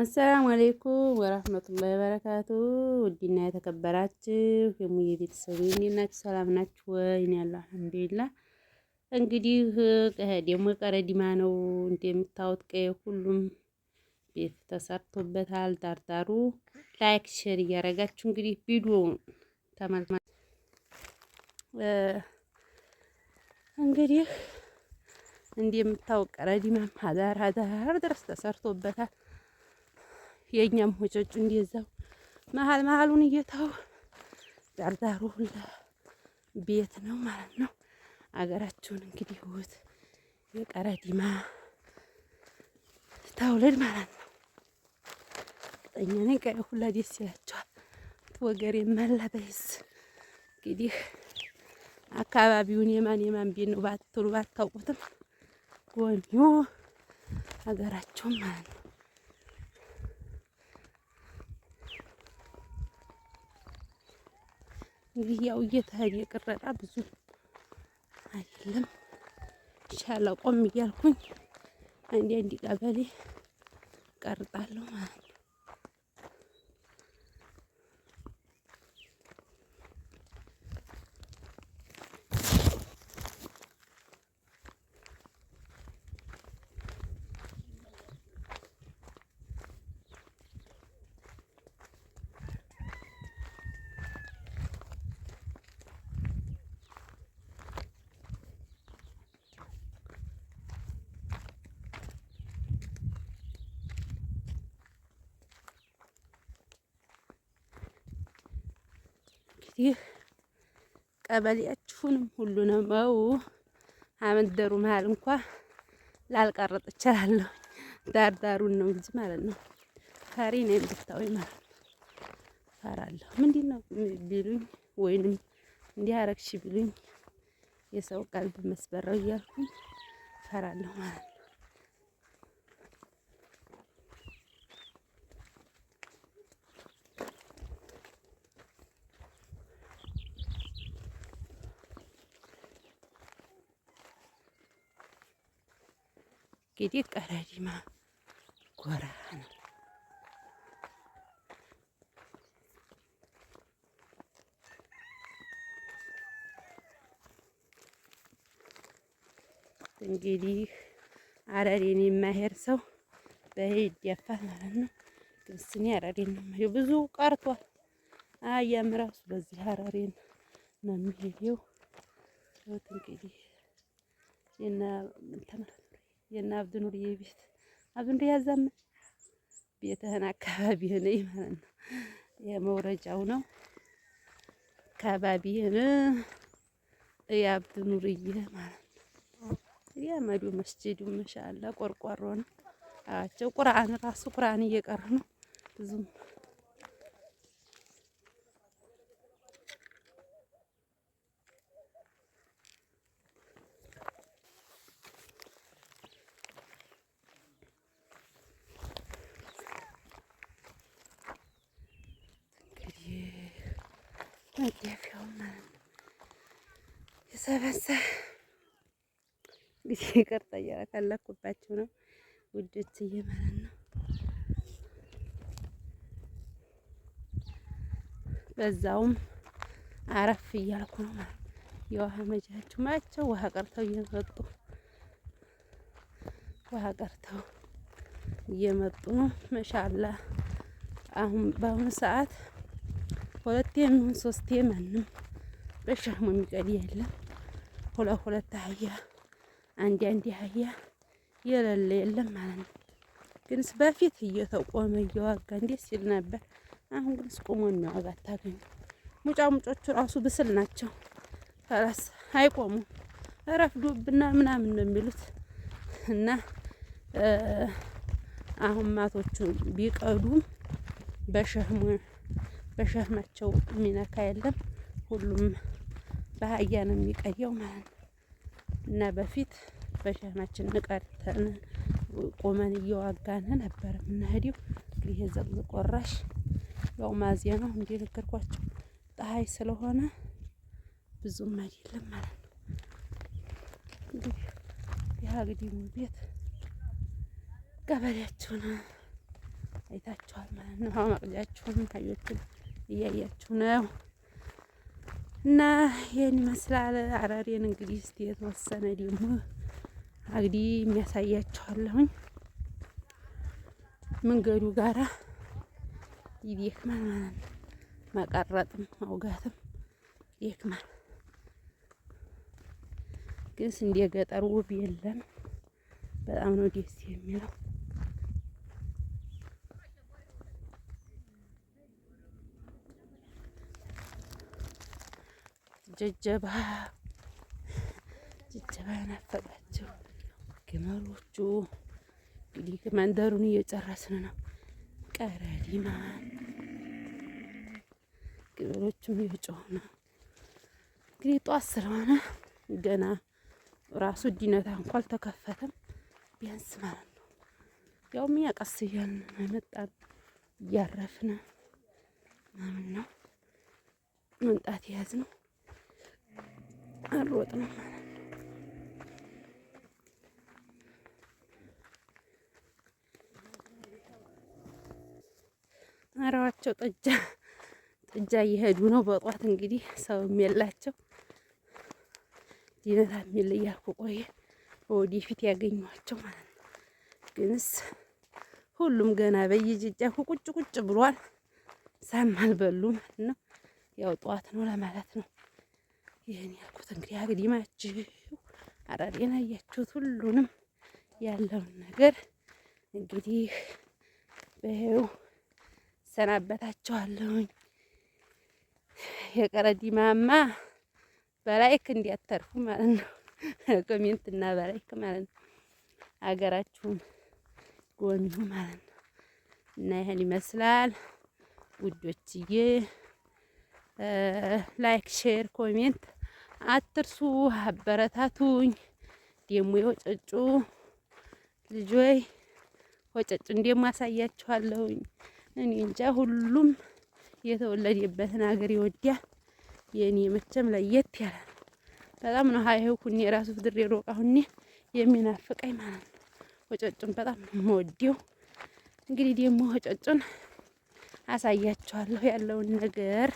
አሰላሙ አሌይኩም ወራህመቱላሂ ወበረካቱ። ውድና የተከበራችሁ የሙዬ ቤተሰብ እንዴት ናችሁ? ሰላም ናችሁ ወይ? እኔ ያለሁ አልሐምዱሊላህ። እንግዲህ ደግሞ ቀረዲማ ነው እንደምታዩት፣ ቀይ ሁሉም ቤት ተሰርቶበታል። ዳርዳሩ ላይክ ሼር እያደረጋችሁ እንግዲህ ቪዲዮውን ተመልማ እንግዲህ እንደምታዩት ቀረዲማ ሀዳር ሀዳር ድረስ ተሰርቶበታል። የእኛም ሆጨጩ እንደዛው መሀል መሀሉን እየታው ዳርዳሩ ሁላ ቤት ነው ማለት ነው። አገራችሁን እንግዲህ ውት የቀረዲማ ታውለድ ማለት ነው። እኛ ነኝ ቀይ ሁላ ደስ ይላቸዋል። ወገሬ መለበይስ እንግዲህ አካባቢውን የማን የማን ቤት ነው ባትሉ ባታውቁትም ጎኞ ሀገራቸውን ማለት ነው። እንግዲህ ያው እየተህየ ቅረጣ ብዙ አይደለም ሻለቆም እያልኩኝ አንዴ አንድ ቀበሌ ቀርጣለሁ ማለት ነው። እንግዲህ ቀበሌያችሁንም ሁሉንም ነው አመንደሩ መሀል እንኳ ላልቀረጥ እችላለሁ። ዳርዳሩን ነው እንጂ ማለት ነው። ፈሪ ነው የምታወኝ ማለት ነው። ፈራለሁ። ምንድን ነው ቢሉኝ ወይንም እንዲህ አረግሽ ቢሉኝ የሰው ቀልብ መስበረው እያልኩኝ ፈራለሁ ማለት ነው። ጌጤት ቀረዲማ ጎራ ነው። እንግዲህ አረሬን የማሄድ ሰው በሄድ ያፋል ማለት ነው። ግን ስኔ አረሬን ነው የማሄደው። ብዙ ቀርቷል። አያም ራሱ በዚህ አረሬን ነው የሚሄደው። እንግዲህ የና እንትን የእነ አብዱኑርዬ ቤት አብዱኑርዬ ያዛምን ቤትህን አካባቢህን ማለት ነው። የመውረጃው ነው አካባቢህን የአብዱኑርዬ ማለት ነው። የመዱ መስጂዱ መሻላ ቆርቆሮ ነው አቸው። ቁርአን ራሱ ቁርአን እየቀረ ነው ብዙም መደፊያውን ማለት ነው የሰበሰ ጊዜ ይቅርታ እያለካለኩባቸው ነው ውዶች እየመረን ነው። በዛውም አረፍ እያልኩ ነው ማለት የውሃ መጃችሁ ማቸው ውሃ ቀርተው እየመጡ ውሃ ቀርተው እየመጡ ነው። መሻላ አሁን በአሁኑ ሰዓት ሁለቴ የሚሆን ሶስቴ ማንም በሸክሙ የሚቀድ የለም። ሁለት ሁለት አህያ አንድ አንድ አህያ የለለ የለም ማለት ነው። ግንስ በፊት እየተቆመ እየዋጋ እንዴት ሲል ነበር። አሁን ግንስ ቆሞ የሚዋጋ አታገኙ። ሙጫ ሙጮቹ ራሱ ብስል ናቸው። ፈረስ አይቆሙም። እረፍ ዱብና ምናምን ነው የሚሉት እና አሁን ማቶቹ ቢቀዱም በሸክሙ በሸክማቸው የሚነካ የለም። ሁሉም በአህያ ነው የሚቀየው ማለት ነው። እና በፊት በሸክማችን ንቀርተን ቆመን እየዋጋን ነበር የምንሄደው። ይሄ ዘቅዝቅ ቆራሽ ያው ማዚያ ነው እንደነገርኳቸው ፀሐይ ስለሆነ ብዙም አይደለም ማለት ነው። እንግዲህ የሀግዲሙ ቤት ቀበሌያችሁን አይታችኋል ማለት ነው። አማቅጃችሁን ታዮችን እያያችሁ ነው። እና ይህን ይመስላል አራሬን እንግዲህ እስቲ የተወሰነ ደግሞ አግዲ የሚያሳያችኋለሁኝ መንገዱ ጋራ ይደክማል ማለት ነው። መቀረጥም ማውጋትም ይደክማል። ግን ስንዴ ገጠር ውብ የለም። በጣም ነው ደስ የሚለው። ጀጀባ ጀጀባ ናፈቃቸው ግመሎቹ። እንግዲህ መንደሩን እየጨረስን ነው። ቀረሊማን ግመሎቹም እየጮሁ ነው። እንግዲህ ጧት ስለሆነ ገና ራሱ ዲነታ እንኳ አልተከፈተም። ቢያንስ ማለት ነው ያው እኛ ቀስ እያልን እያረፍን ምናምን ነው መምጣት የያዝነው። አሮጥ ነው ማለት ነው። አራዋቸው ጠጃ ጠጃ እየሄዱ ነው። በጧት እንግዲህ ሰውም የላቸው ዲነታ የሚል እያልኩ ቆየ ወደፊት ያገኟቸው ማለት ነው። ግንስ ሁሉም ገና በየጅጃኩ ቁጭ ቁጭ ብሏል። ሳም አልበሉ ማለት ነው። ያው ጠዋት ነው ለማለት ነው። ይህን ያልኩት እንግዲህ አግዲማችሁ አራዴን አያችሁት። ሁሉንም ያለውን ነገር እንግዲህ በይኸው ሰናበታችኋለሁኝ። የቀረዲማማ በላይክ እንዲያተርፉ ማለት ነው፣ ኮሜንት እና በላይክ ማለት ነው። አገራችሁን ጎብኙ ማለት ነው። እና ይህን ይመስላል ውዶችዬ። ላይክ ሼር ኮሜንት አትርሱ፣ አበረታቱኝ። ደሞ የወጨጩ ልጆይ ወጨጩ እንደማሳያችኋለሁኝ። እኔ እንጃ ሁሉም የተወለደበትን ሀገር ይወዳል። የእኔ መቼም ለየት ያለ በጣም ነው። ሀይሁ ኩኔ የራሱ ድሬ ሮቃ ሁኔ የሚናፍቀኝ ማለት ነው። ወጨጩን በጣም ነው የምወደው። እንግዲህ ደግሞ ወጨጩን አሳያችኋለሁ ያለውን ነገር